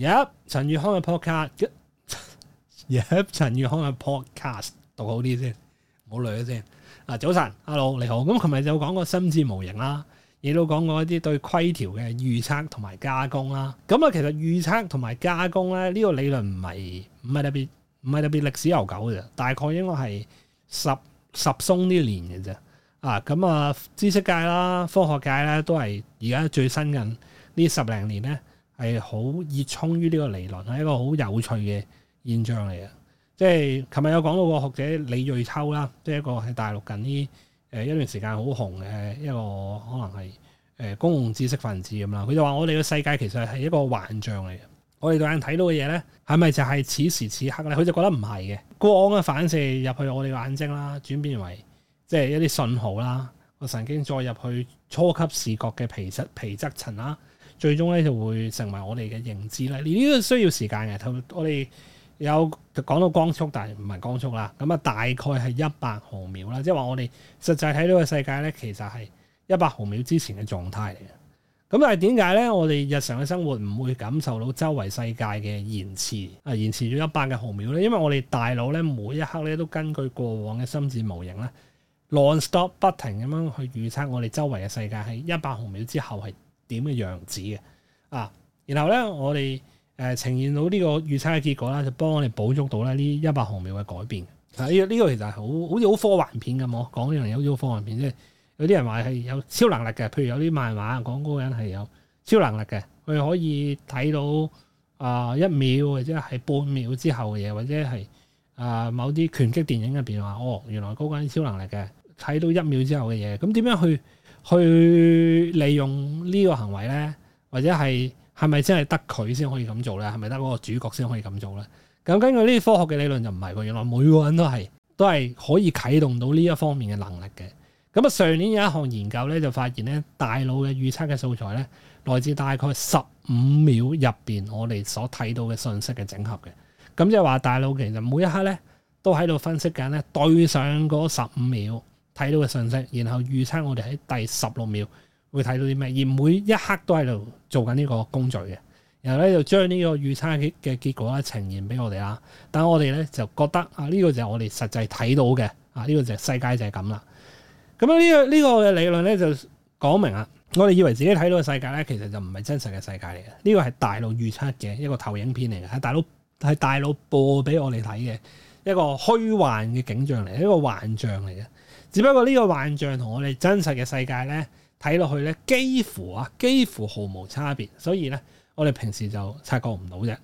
.耶，陳玉康嘅 podcast，耶，陳玉康嘅 podcast，讀好啲先，好累咗先。啊，早晨，hello，你好。咁琴日就講過心智模型啦，亦都講過一啲對規條嘅預測同埋加工啦。咁啊，其實預測同埋加工咧呢、這個理論唔係唔係特別唔係特別歷史悠久嘅，大概應該係十十鬆啲年嘅啫。啊，咁啊，知識界啦，科學界咧都係而家最新近呢十零年咧。係好熱衷於呢個理論，係一個好有趣嘅現象嚟嘅。即係琴日有講到個學者李瑞秋啦，即係一個喺大陸近呢誒一段時間好紅嘅一個可能係誒公共知識分子咁啦。佢就話：我哋個世界其實係一個幻象嚟嘅。我哋對眼睇到嘅嘢咧，係咪就係此時此刻咧？佢就覺得唔係嘅。光嘅反射入去我哋個眼睛啦，轉變為即係一啲信號啦，個神經再入去初級視覺嘅皮質皮質層啦。最終咧就會成為我哋嘅認知咧，呢個都需要時間嘅。頭我哋有講到光速，但係唔係光速啦。咁啊，大概係一百毫秒啦，即係話我哋實際睇到呢個世界咧，其實係一百毫秒之前嘅狀態嚟嘅。咁但係點解咧？我哋日常嘅生活唔會感受到周圍世界嘅延遲啊，延遲咗一百嘅毫秒咧，因為我哋大腦咧每一刻咧都根據過往嘅心智模型啦，non-stop 不停咁樣去預測我哋周圍嘅世界係一百毫秒之後係點嘅樣子嘅啊，然後咧我哋誒、呃、呈現到呢個預測嘅結果啦，就幫我哋補足到咧呢一百毫秒嘅改變。啊，呢、這個其實係好好似好科幻片咁，講啲人有好似好科幻片即啫。有啲人話係有超能力嘅，譬如有啲漫畫講嗰個人係有超能力嘅，佢可以睇到啊一、呃、秒或者係半秒之後嘅嘢，或者係啊、呃、某啲拳擊電影入邊話哦，原來嗰個人超能力嘅，睇到一秒之後嘅嘢。咁點樣去？去利用呢個行為咧，或者係係咪真係得佢先可以咁做咧？係咪得嗰個主角先可以咁做咧？咁根據呢啲科學嘅理論就唔係喎，原來每個人都係都係可以啟動到呢一方面嘅能力嘅。咁啊，上年有一項研究咧，就發現咧，大腦嘅預測嘅素材咧來自大概十五秒入面我哋所睇到嘅信息嘅整合嘅。咁即係話大腦其實每一刻咧都喺度分析緊咧對上嗰十五秒，睇到嘅信息，然後預測我哋喺第十六秒會睇到啲咩，而每一刻都喺度做緊呢個工序嘅，然後咧就將呢個預測嘅結果咧呈現俾我哋啦。但我哋咧就覺得啊，呢個就係我哋實際睇到嘅啊，呢個就係世界就係咁啦。咁樣呢個呢個嘅理論咧就講明啦，我哋以為自己睇到嘅世界咧，其實就唔係真實嘅世界嚟嘅。呢個係大腦預測嘅一個投影片嚟嘅，喺大腦係大腦播俾我哋睇嘅一個虛幻嘅景象嚟，一個幻象嚟嘅。只不過呢個幻象同我哋真實嘅世界咧睇落去咧，幾乎啊幾乎毫無差別，所以咧我哋平時就察覺唔到啫。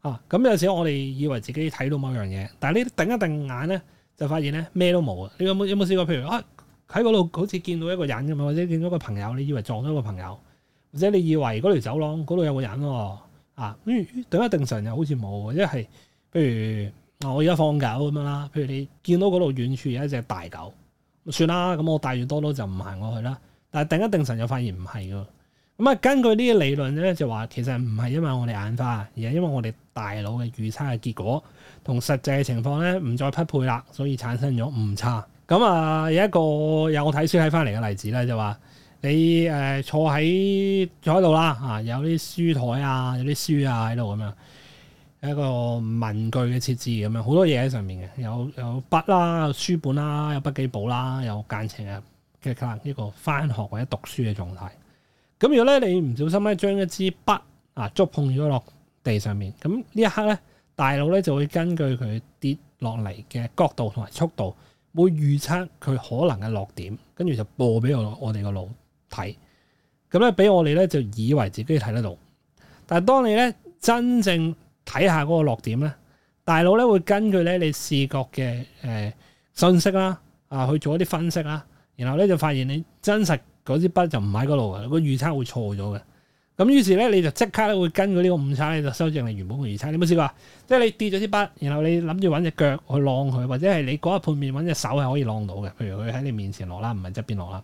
啊，咁有時我哋以為自己睇到某樣嘢，但係你定一定眼咧，就發現咧咩都冇啊！你有冇有冇試過？譬如啊，喺嗰度好似見到一個人咁樣，或者見到個朋友，你以為撞咗個朋友，或者你以為嗰條走廊嗰度有個人喎啊？跟、啊啊、定一定神又好似冇，即係譬如我而家放狗咁樣啦。譬如你見到嗰度遠處有一隻大狗。算啦，咁我帶住多多就唔行過去啦。但係定一定神就發現唔係噶。咁啊，根據呢啲理論咧，就話其實唔係因為我哋眼花，而係因為我哋大腦嘅預測嘅結果同實際嘅情況咧唔再匹配啦，所以產生咗誤差。咁啊，有一個有我睇書睇翻嚟嘅例子咧，就話你誒、呃、坐喺坐喺度啦，有啲書台啊，有啲書、啊、書啊喺度咁樣。一個文具嘅設置咁樣，好多嘢喺上面嘅，有有筆啦、有書本啦、有筆記簿啦、有間程嘅，即係可能一個翻學或者讀書嘅狀態。咁如果咧你唔小心咧，將一支筆啊觸碰咗落地上面，咁呢一刻咧，大腦咧就會根據佢跌落嚟嘅角度同埋速度，會預測佢可能嘅落點，跟住就播俾我我哋個腦睇。咁咧俾我哋咧就以為自己睇得到，但係當你咧真正睇下嗰個落點咧，大腦咧會根據咧你視覺嘅誒信息啦，啊去做一啲分析啦，然後咧就發現你真實嗰支筆就唔喺嗰度嘅，個預測會錯咗嘅。咁於是咧你就即刻咧會根據呢個誤差咧就修正你原本嘅預測。你有冇試過？即係你跌咗支筆，然後你諗住揾隻腳去攞佢，或者係你嗰一判面揾隻手係可以攞到嘅。譬如佢喺你面前落啦，唔係側邊落啦。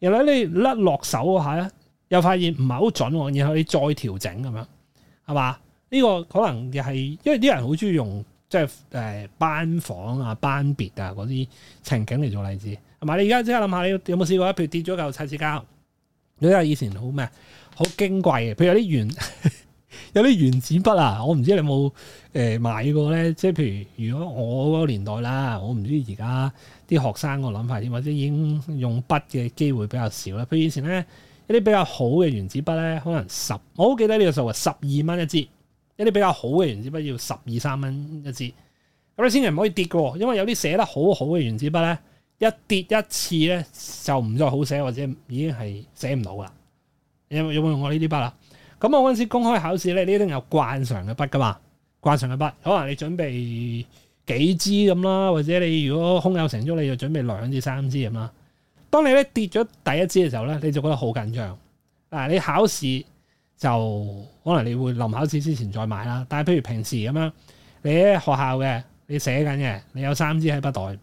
然後你甩落手下咧，又發現唔係好準，然後你再調整咁樣，係嘛？呢、這個可能又係，因為啲人好中意用即係誒班房啊、班別啊嗰啲情景嚟做例子，同埋你而家即刻諗下，你有冇試過？譬如跌咗嚿擦紙膠，你啲係以前好咩好矜貴嘅，譬如有啲原 有啲原子筆啊，我唔知你有冇誒、呃、買過咧？即係譬如如果我嗰個年代啦，我唔知而家啲學生個諗法點，或者已經用筆嘅機會比較少啦。譬如以前咧一啲比較好嘅原子筆咧，可能十，我好記得呢個數啊，十二蚊一支。一啲比較好嘅原子筆要十二三蚊一支，咁你千祈唔可以跌嘅，因為有啲寫得好好嘅原子筆咧，一跌一次咧就唔再好寫，或者已經係寫唔到啦。有有冇用過我呢啲筆啦？咁我嗰陣時公開考試咧，你一定有慣常嘅筆噶嘛，慣常嘅筆，可能你準備幾支咁啦，或者你如果空有成竹，你就準備兩至三支咁啦。當你咧跌咗第一支嘅時候咧，你就覺得好緊張嗱，你考試。就可能你會臨考試之前再買啦，但係譬如平時咁樣，你喺學校嘅，你寫緊嘅，你有三支喺筆袋，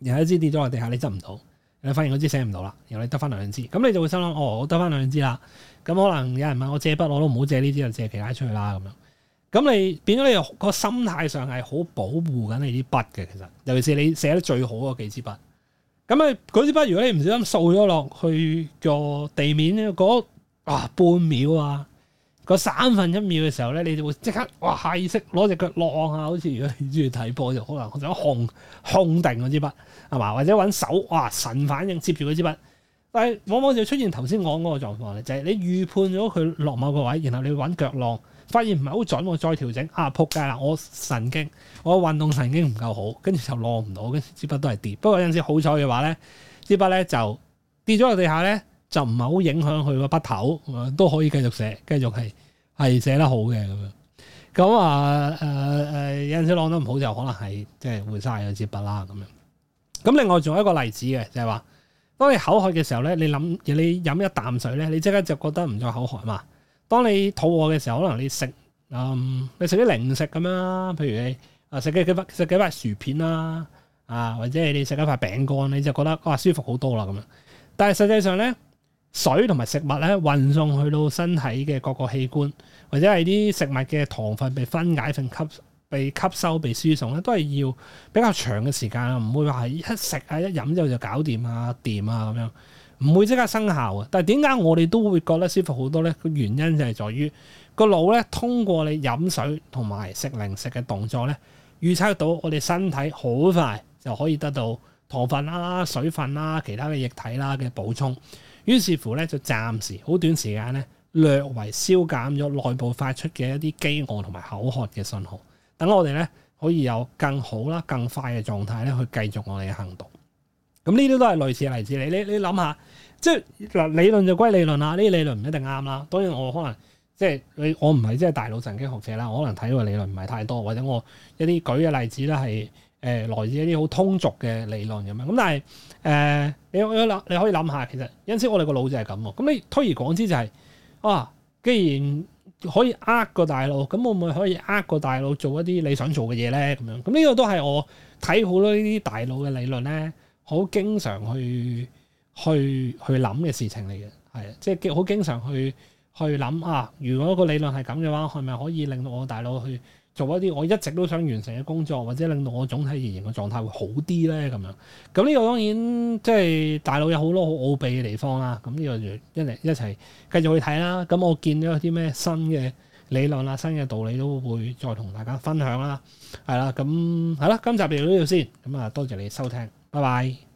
然後一支跌咗落地下，你執唔到，你發現嗰支寫唔到啦，然後你得翻兩支，咁你就會心諗，哦，我得翻兩支啦，咁可能有人問我借筆，我都唔好借呢支，就借其他出去啦咁樣，咁你變咗你個心態上係好保護緊你啲筆嘅，其實，尤其是你寫得最好嗰幾支筆，咁啊嗰支筆如果你唔小心掃咗落去個地面嗰～、嗰個哇、啊，半秒啊！個三分一秒嘅時候咧，你就會即刻哇，下意識攞隻腳落啊，好似如果你中意睇波就可能我想控控定嗰支筆係嘛，或者揾手，哇，神反應接住嗰支筆，但係往往就出現頭先講嗰個狀況咧，就係、是、你預判咗佢落某個位，然後你揾腳落，發現唔係好準，我再調整啊撲街啦！我神經，我運動神經唔夠好，跟住就落唔到，跟住支筆都係跌。不過有陣時好彩嘅話咧，支筆咧就跌咗落地下咧。就唔係好影響佢個筆頭、嗯，都可以繼續寫，繼續係係寫得好嘅咁樣。咁啊誒、啊嗯嗯、有陣時攣得唔好，就可能係即係換晒支筆啦咁樣，咁另外仲有一個例子嘅，就係、是、話當你口渴嘅時候咧，你諗你飲一啖水咧，你即刻就覺得唔再口渴嘛。當你肚餓嘅時候，可能你食嗯你食啲零食咁樣，譬如你啊食幾幾塊食幾塊薯片啦啊，啊，或者你食一塊餅乾，你就覺得哇、啊、舒服好多啦咁樣，但係實際上咧。水同埋食物咧，運送去到身體嘅各個器官，或者係啲食物嘅糖分被分解、被吸、被吸收、被輸送咧，都係要比較長嘅時間，唔會話係一食啊、一飲之後就搞掂啊、掂啊咁樣，唔會即刻生效啊。但係點解我哋都會覺得舒服好多呢？個原因就係在於個腦咧，通過你飲水同埋食零食嘅動作咧，預測到我哋身體好快就可以得到糖分啦、水分啦、其他嘅液體啦嘅補充，於是乎咧就暫時好短時間咧略為消減咗內部發出嘅一啲飢餓同埋口渴嘅信號，等我哋咧可以有更好啦、更快嘅狀態咧去繼續我哋嘅行動。咁呢啲都係類似嘅例子嚟，你你諗下，即係嗱理論就歸理論啦，呢啲理論唔一定啱啦。當然我可能即係你我唔係即係大腦神經學者啦，我可能睇個理論唔係太多，或者我一啲舉嘅例子咧係。誒來自一啲好通俗嘅理論咁樣，咁但係誒、呃、你你可以諗下，其實因此我哋個腦就係咁喎。咁你推而廣之就係、是、啊，既然可以呃個大腦，咁會唔會可以呃個大腦做一啲你想做嘅嘢咧咁樣。咁呢個都係我睇好多呢啲大腦嘅理論咧，好經常去去去諗嘅事情嚟嘅，係啊，即係好經常去去諗啊。如果個理論係咁嘅話，係咪可以令到我大腦去，做一啲我一直都想完成嘅工作，或者令到我總體而言嘅狀態會好啲咧咁樣。咁呢個當然即係、就是、大陸有好多好奧秘嘅地方啦。咁呢個就一一齊繼續去睇啦。咁我見到有啲咩新嘅理論啦、新嘅道理都會再同大家分享啦。係啦，咁係啦，今集聊到呢度先。咁啊，多謝你收聽，拜拜。